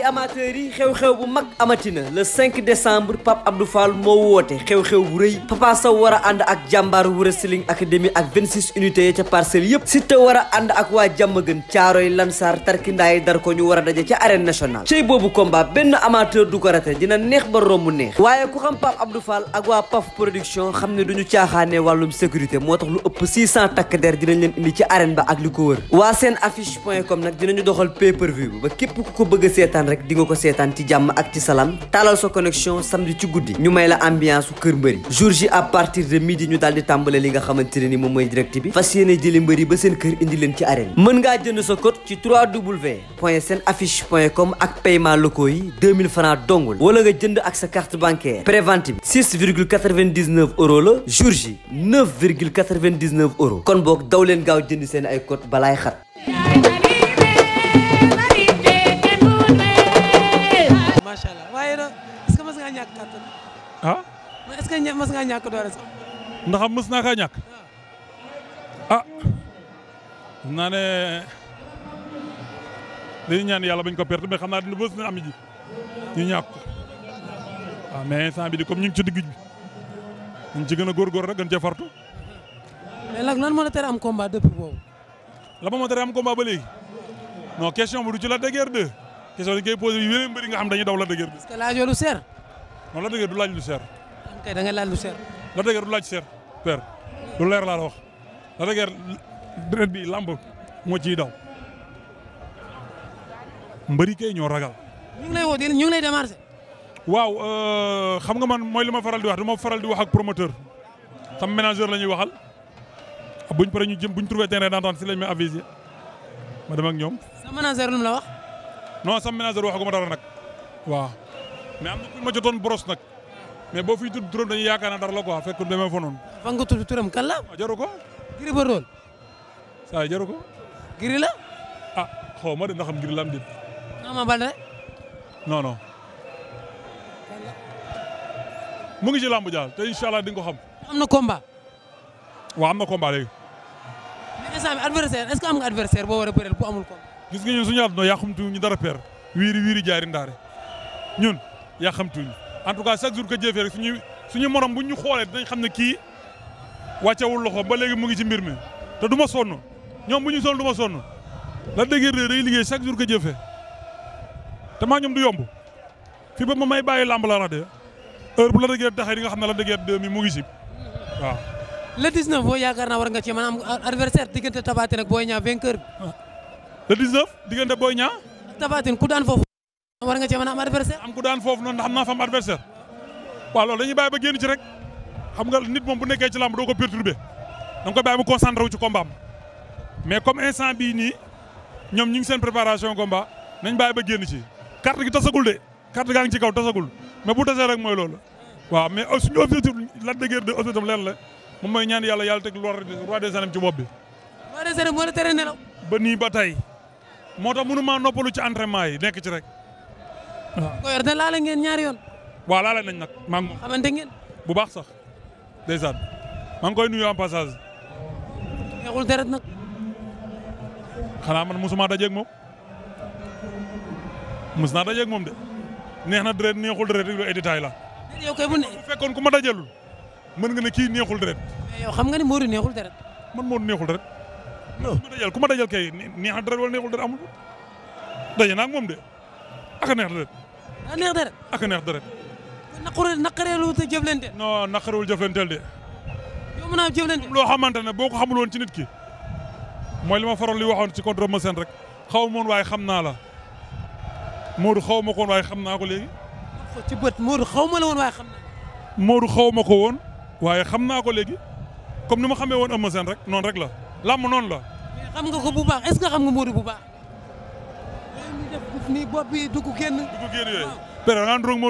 mbokki amateurs yi xew-xew bu mag amatina le 5 décembre Pape Abdou Fall moo woote xew-xew bu rëy Papa Sow war ànd ak jàmbaar Wrestling Academy ak 26 unités ya ca parcelle yëpp Siteu war a ànd ak waa Jàmmagën Caaroy Lansar Tarkindaay dar ko ñu war a daje ca arène nationale cey boobu combat benn amateur du ko rate dina neex ba romb neex waaye ku xam Pape Abdou Fall ak waa Paf production xam ne duñu caaxaane wàllum sécurité moo tax lu ëpp 600 takk der dinañ leen indi ci arène ba ak li ko wër waa seen affiche point com nag dinañu doxal pay per ko bëgg a rek di nga ko seetaan ci jàmm ak ci salaam taalal sa connexion samedi ci guddi ñu may la ambiance su kër mbëri jour ji à partir de midi ñu daal di tàmbale li nga xamante ne ni moom mooy direct bi fas yéene jëli mbëri ba seen kër indi leen ci arène mën ngaa jënd sa code ci 3w point seen affiche point com ak paiement locaux yi 2000 francs dongul wala nga jënd ak sa carte bancaire prévente bi 6 virgule 99 euros la jour ji 9 virgule 99 euros kon boog daw leen gaaw jënd seen ay code balaay xat kàttan. ah. mais est-ce que mës ngaa ñàkk doole sax. ndax mës naa kaa ñàkk. Ah. ah. naa ne dañuy ñaan yàlla bañ ko perte mais xam naa dina bës na am ji ñu ñàkk ko waaw ah, mais bi di comme ñu ngi ci digg bi ñu ci a góorgóor rek gën cee fartu. mais nag lan moo la tere am combat depuis boobu. la moo tere am combat ba léegi non question bi ci la dëgër de question dañ koy yu yeneen mbëri nga xam dañuy daw la dëgër de. non Lac de du laaj lu seer. kay da nga laaj lu seer. Lac de Guiers du laaj seer. père lu leer laa la wax Lac de Guiers deret bi làmb moo ciy daw mbëri kay ñoo ragal. ñu ngi lay woo ñu ngi lay démarché. waaw euh, xam nga man mooy li ma faral di wax du ma faral di wax ak promoteur tam manager la ñuy waxal ah, buñ pare ñu jëm buñ trouvé terrain d'entente si lañ may avisé ma dem ak ñoom. sa manager lu mu la wax. non sa manager waxaguma dara nag waaw. mais am na ku ma jotoon boros nag mais boo fiy tudd turam dañuy yaakaar ne dara la quoi fekk demee fa noonu. fan nga tudd turam kan la. Ah, ko. giri ko. giri la. ah xaw ma de na xam giri la am déet. mu ngi ci làmb jaal te incha allah di xam. am na combat. waaw am na combat léegi. mais instant adversaire est am nga adversaire boo war a bëreel bu amul combat. gis nga ñun suñu àdduna yàqumtu ñu dara peer. wiiri wiiri jaari ndaare ñun. yaa xam ñu en tout cas chaque jour que jëfee rek suñuy suñu morom bu ñu xoolee dañ xam ne kii wàccewul loxo ba léegi mu ngi ci mbir mi te duma sonn ñoom bu ñu sonn du ma sonn la dëgër de day liggéey chaque jour que jëfee te maa ñoom du yomb fii ba ma may bàyyi làmb la de heure bu la dëgër taxee nga xam ne la dëgër de mi mu ngi ci waaw. le 19 yaakaar naa war nga ci mën am adversaire diggante Tapha Tine ñaa Boy Niang bi. Ah. le 19 diggante Boy Niang. Tapha Tine ku daan foofu. war nga cee mën a am adversaire. am ku daan foofu noonu xam naa fa adversaire waaw loolu dañuy bàyyi ba génn ci rek xam nga nit moom bu nekkee ci làmb doo ko perturbé da nga ko bàyyi mu concentré wu ci combat mais comme instant bi nii ñoom ñu ngi seen préparation combat nañ baay ba génn ci carte gi tasagul de carte gaa ngi ci kaw tasagul mais bu tasee rek mooy loolu waaw mais suñu objectif la dëgër de objectif leen la moom mooy ñaan yàlla yàlla teg roi des arènes ci bopp bi. roi des ba nii ba tey moo tax mënu maa noppalu ci entraînement yi nekk ci rek. waaw ko yor de ngeen ñaar yoon. waaw laale nañ nag maa ngi. xamante bu baax sax ndeysaan maa ngi koy nuyu en passage. neexul deret nag. xanaa man mosuma dajeeg moom mos naa dajeeg moom de neex na deret neexul deret rek ay détail la. yow kay fekkoon ku ma dajalul mën nga ne kii neexul deret. mais yow xam nga ni Modou neexul deret. man Modou neexul deret. non ku ma dajal ku ma dajal kay neex na deret wala neexul deret moom de daa ah, neex deret ak neex deret naqaree naqareelu te jëflante non naqarewul jëflanteel de yow mën naa jëflante loo xamante ne boo ko xamul woon ci nit ki mooy li ma faral li waxoon ci contre Eumeu Sène rek xaw moon waaye xam naa la Modou xaw ko woon waaye xam naa ko léegi ci bët Modou xaw ma la woon waaye xam naa Modou ko woon waaye xam naa ko léegi comme ni ma xamee woon Eumeu Sène rek noonu rek la làmm noonu la xam xam nga Modou bu def ni bopp yi dugg génn. dugg génn yooyu. père naan noonu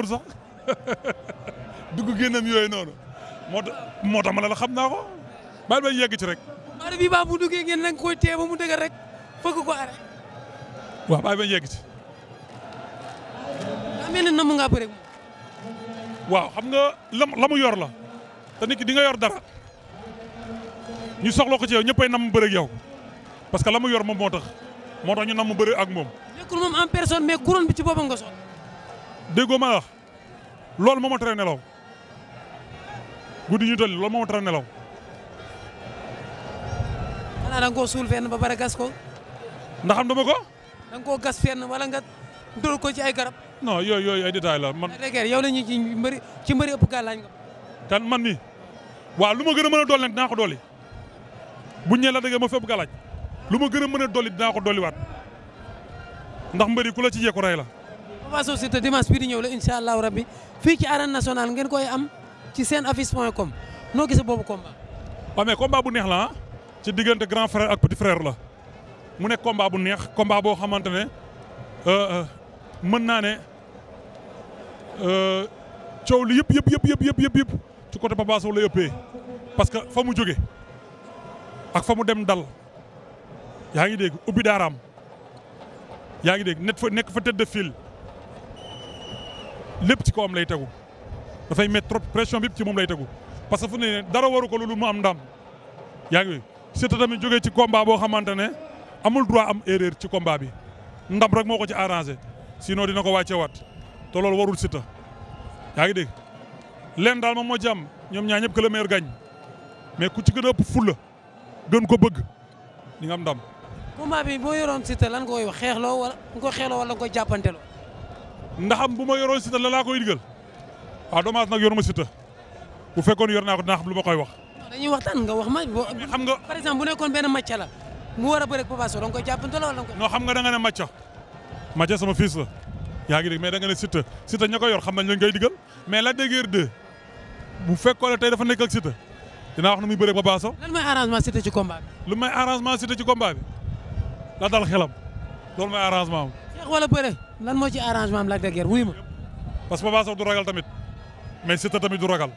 moo tax moo ma ne la xam naa ko baal bañ yegg ci rek. waaw bii baax bu duggee ngeen na nga koy téye ba mu dëgër rek fëgg ko arrêté. waaw baal bañ yegg ci. daa mel ni namm ngaa waaw xam nga la mu yor la te nit ki di nga yor dara ñu soxla ko ci yow ñëppay nam mu bëri ak yow parce que la mu yor moom moo moo tax ñu nam mu bëri ak moom. nekkul moom en person mais couronne bi ci boppam nga soxla. déggoo ma wax loolu moo ma tere nelaw guddi ñu toll loolu moo ma tere nelaw. xanaa da suul fenn ba bare gas ko. ndax xam dama ko. da koo gas fenn wala nga dóor ko ci ay garab. non yooyu yooyu ay détails la man. rek yow la ñuy ci mbëri ci mbëri ëpp gàllaaj nga. kan man mi waaw lu ma gën a mën a dool nag dinaa ko bu buñ ñëwee la dëgg ma fépp gàllaaj lu ma gën a mën a dolli dinaa ko dolliwaat ndax mbëri ku la ci jeeku rey la. Papa Sow Siteu dimanche bii di ñëw la incha allahu rabbi fii ci arène nationale ngeen koy am ci seen affiche point com noo gisee boobu combat. waaw mais bu neex la ah. ci diggante grand frère ak petit frère la mu nekk combat bu neex combat boo xamante ne euh, euh, mën naa ne euh, coow li yëpp yëpp yëpp yëpp yëpp yëpp ci côté Papa la ëppee parce que fa mu jóge ak fa mu dem dal. yaa ngi dégg ubbi daaraam yaa ngi dégg net fa nekk fa tëdd fil lépp ci kawam lay tegu dafay mettre trop pression bi ci moom lay tegu parce que fu dara waru ko loolu mu am ndam yaa ngi surtout tamit joge ci combat boo xamante ne amul droit am erreur ci combat bi ndam rek moo ko ci arrangé sinon dina ko wàcceewaat te loolu warul Siteu yaa ngi dégg leen daal moom moo jàmm ñoom ñaa ñëpp que le meilleur mais ku ci gën a ëpp fulla gën ko bëgg di am ndam combat bi boo yoroon Siteu lan ko koy wax xeexloo wala nga koy xeexloo wala nga koy jàppanteloo. ndax am bu ma yoroon Siteu la laa koy digal waaw dommage nag yoruma Siteu bu fekkoon yor naa ko dinaa xam lu ma koy wax. dañuy waxtaan nga wax ma xam nga par exemple bu benn macca la mu war a bëre ak Papa Sow da xam nga da ne macca macca sama fils la yaa da nga ne Siteu Siteu ko yor xam nañ lañ koy digal mais la déggeer de bu fekkoon ne tey dafa nekk ak Siteu dinaa wax nu muy bëre ak Papa Sow. lan ci combat may arrangement Siteu ci combat bi la dal xelam loolu mooy arrangement am. xeex wala bëre lan moo ci arrangement am Lac wuy ma. parce que Papa Sow du ragal tamit mais Siteu tamit du ragal.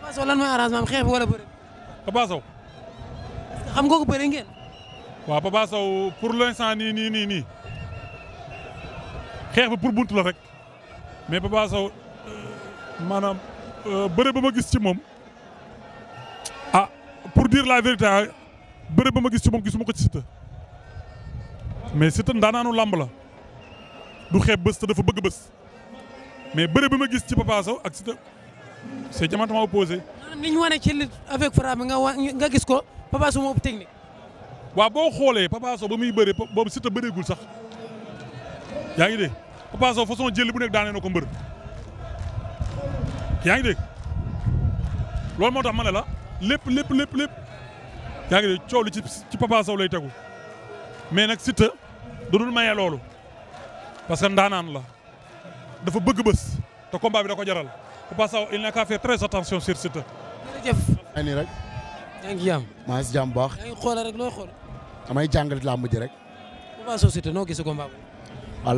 Papa Sow lan mooy arrangement am xeex bi wala bëre. Papa Sow. xam nga ko bëre ngeen. pour l'instant nii nii nii nii xeex bi pour buntu la rek mais Papa Sow euh, maanaam euh, ba ma gis ci moom ah pour dire la vérité bëre ba ma gis ci moom gisuma ko ci Siteu. mais Siteu ndaanaanu làmb la du xeeb bës te dafa bëgg bës mais bëre bi ma gis ci Papa Sow ak Siteu c'est diamétralement opposé. ni ñu wane ci li avec Fra bi nga wa nga gis ko Papa Sow moo ëpp technique. waaw boo xoolee Papa ba muy bëre boobu Siteu bëreegul sax yaa ngi dégg Papa Sow façon jël bu nekk daanee na ko mbër yaa ngi de loolu moo tax ma ne la lépp lépp lépp lépp yaa ngi dégg coow li ci ci Papa Sow lay tegu nag Siteu. da dul maye loolu parce que ndaanaan la dafa bëgg bës te combat bi da ko jaral Papa Sow il n'a qu'à faire très attention sur Siteu. jërëjëf. maa ngi nii rek. yaa ngi jàmm. maa ngi si jàmm bu baax. yaa ngi xoolal rek looy xool. damay jàngal làmb ji rek. Papa Sow Siteu noo gisee combat bi.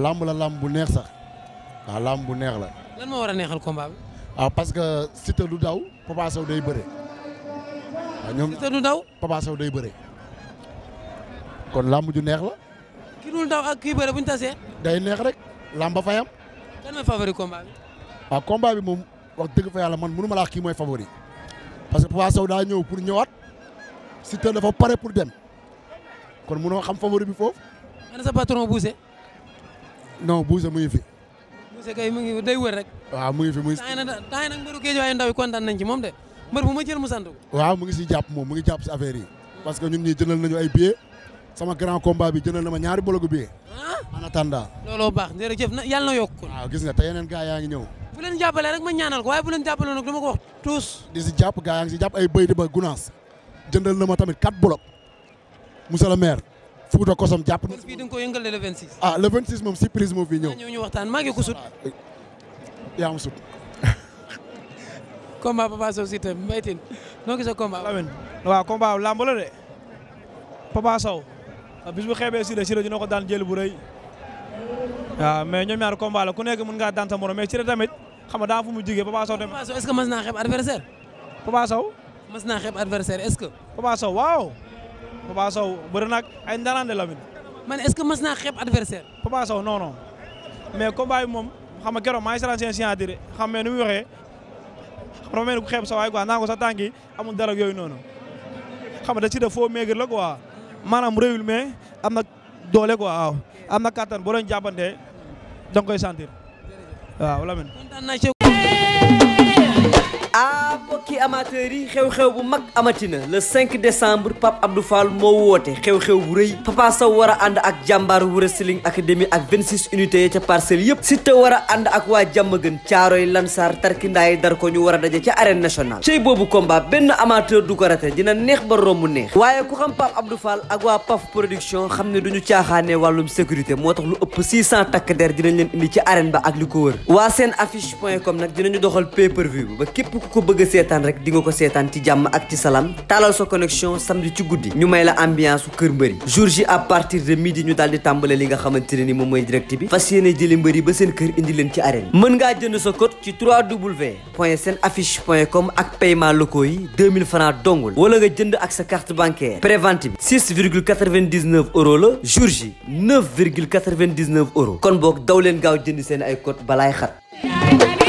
làmb la làmb bu neex sax waaw làmb bu neex la. lan war a neexal combat bi. parce que Siteu du daw Papa Sow day bëre. waaw ñoom Siteu du daw Papa Sow day bëre. kon làmb ju neex la. ki dul daw ak kii bëre bu ñu tasee. day neex rek lamba fayam. kan mooy favori combat bi. waaw combat moom wax dëgg fa yàlla man mënu ma laa kii mooy favori parce que Papa Sow daa ñëw pour ñëwaat Siteu dafa pare pour dem kon mënoo xam favori bi foofu. ana sa patron Bousse. non Bousse mu ngi fi. Bousse kay mu ngi day wër rek. waaw mu ngi fi mu ngi. taay na taay na mbëru nañ ci moom mu sant ko. mu ngi siy jàpp moom mu ngi jàpp si affaire yi. parce que ñun ñii jëndal nañu ay billets. sama grand combat bi jëndal na ma ñaari bologu bi ah? en attendant looloo baax jërëjëf na yàlla na yokk waaw gis nga te yeneen gaa yaa ngi ñëw bu leen jàppalee rek ma ñaanal ko waaye bu leen jàppalee nag dama ko wax tous di si jàpp gaa yaa jàpp ay bëy di ba gunaas jëndal na ma tamit quatre bolog monsieur le maire Fouta Kosom jàpp na fii di ko yëngal le 26 ah le 26 moom surprise moo fii ñëw ñëw ñu waxtaan maa ngi ko sut ah, yaa am sut combat Papa Sow Siteu Mbaye Tine noo gisee combat Lamine waaw combat de Papa Sow bis bu xeebee Siré Siré dina ko daan jël bu rëy waaw mais ñoom ñaar combat ku nekk mën ngaa daan sa morom mais Siré tamit xam nga daa fu mu jigee Papa Sow tamit. Papa Sow est-ce que mas naa xeeb adversaire. Papa Sow. mas naa xeeb adversaire est-ce que. Papa Sow man est-ce que mas naa xeeb adversaire. Papa Sow non non mais combat bi moom xam nga keroog maa ngi saraan seen signature xam nga ni muy waxee xam nga ku sa waay quoi dara yooyu noonu da foo maigre la quoi. maanaam réyul mais am na doole ko waaw am na kattan boo leen jàppante da nga koy mbokki amateurs yi xew-xew bu mag amatina le 5 décembre Pape Abdou Fall moo woote xew-xew bu rëy Papa Sow war a ànd ak jàmbaar Wrestling Academy ak 26 unités ya ca parcelles yëpp Siteu war a ànd ak waa Jàmmagën Caaroy Lansar Tarkindaay dar ko ñu war daje ca arène nationale cey boobu combat benn amateur du ko rate dina neex ba romb neex waaye ku xam Pape Abdou Fall ak waa Paf production xam ne duñu caaxaane wàllum sécurité moo tax lu ëpp 600 takk der dinañ leen indi ci arène ba ak li ko wër waa seen affiche doxal pay per view ba ko bëgg a rek di nga ko seetaan ci jàmm ak ci salaam taalal sa connexion samedi ci guddi ñu may la ambiance su kër mbëri jour ji à partir de midi ñu daal di li nga xamante ne ni moom mooy direct bi fas yéene jëli mbëri ba seen kër indi leen ci arène mën ngaa jënd sa code ci 3w point seen affiche point com ak paiement locaux yi 2000 francs dongul wala nga jënd ak sa carte bancaire prévente bi 6 virgule 99 euros la jour ji 9 kon boog daw leen gaaw jënd seen ay code balaay xat